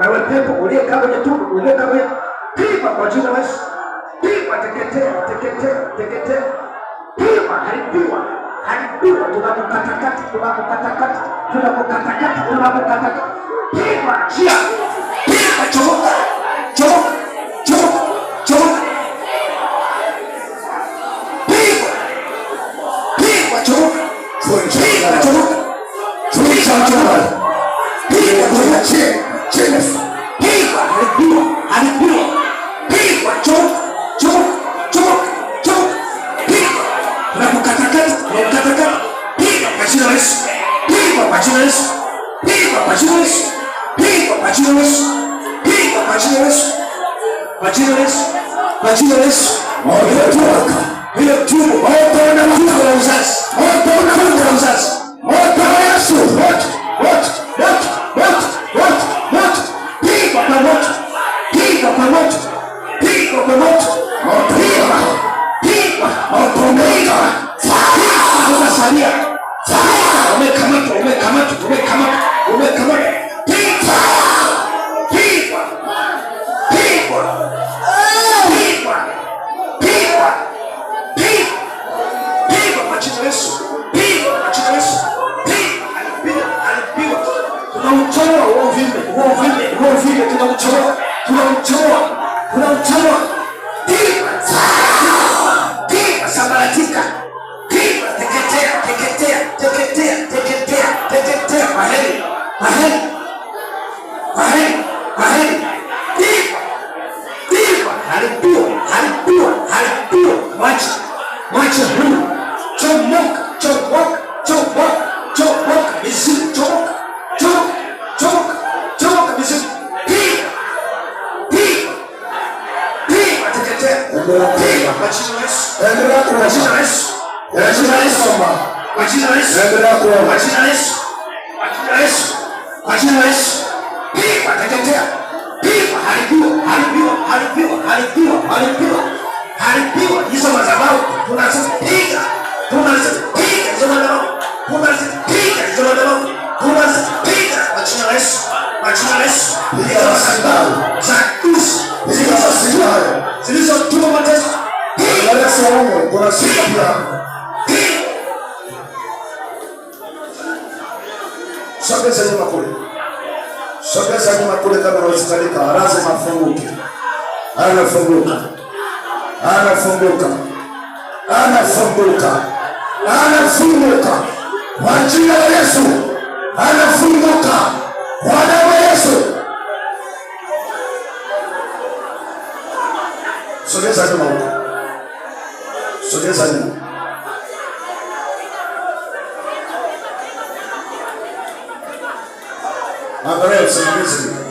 na wewe pepo uliokaa kwenye tumbo, uliokaa kwenye pima kwa jina la Yesu, Pima, teketea, teketea, teketea, Pima, haribiwa, haribiwa, tunakukatakata, tunakukatakata, tunakukatakata, tunakukatakata, pigwa, njia, pigwa, chomoka, chomoka, chomoka, chomoka, pigwa, pigwa, chomoka, pigwa, chomoka, pigwa, chomoka, pigwa, chomoka, pigwa, chomoka, Unapokatakata, unapokatakata, piga kwa jina la Yesu. Piga kwa jina la Yesu. Piga kwa jina la Yesu. Piga kwa jina la Yesu. Piga kwa jina la Yesu. Kwa jina la Yesu. Kwa jina la Yesu. Ondoka. Bila tubu, moto unakuja na uzazi. Moto unakuja na uzazi. Moto wa Yesu. Moto, moto, moto, moto, moto, moto. Piga kwa moto. Piga kwa moto. unamjua, unamjua, sambaratika, teketea, teketea, teketea, teketea, teketea, mahali mahali Endelea kuomba. Endelea kuomba. Endelea kuomba. Piga teketea. Piga haribiwa, haribiwa, haribiwa, haribiwa, haribiwa. Haribiwa hizo madhabahu. Tunazipiga. Tunazipiga hizo madhabahu. Tunazipiga hizo madhabahu. Tunazipiga kwa jina la Yesu. Kwa jina la Yesu. Piga madhabahu. unasikia Sogeza nyuma kule, sogeza nyuma kule, kama nawezikalika, lazima afunguke. Anafunguka, anafunguka, anafunguka, anafunguka kwa jina la Yesu, anafunguka kwa damu ya Yesu. Sogeza nyuma huko Sogeza nyuma. Angalia usingizi.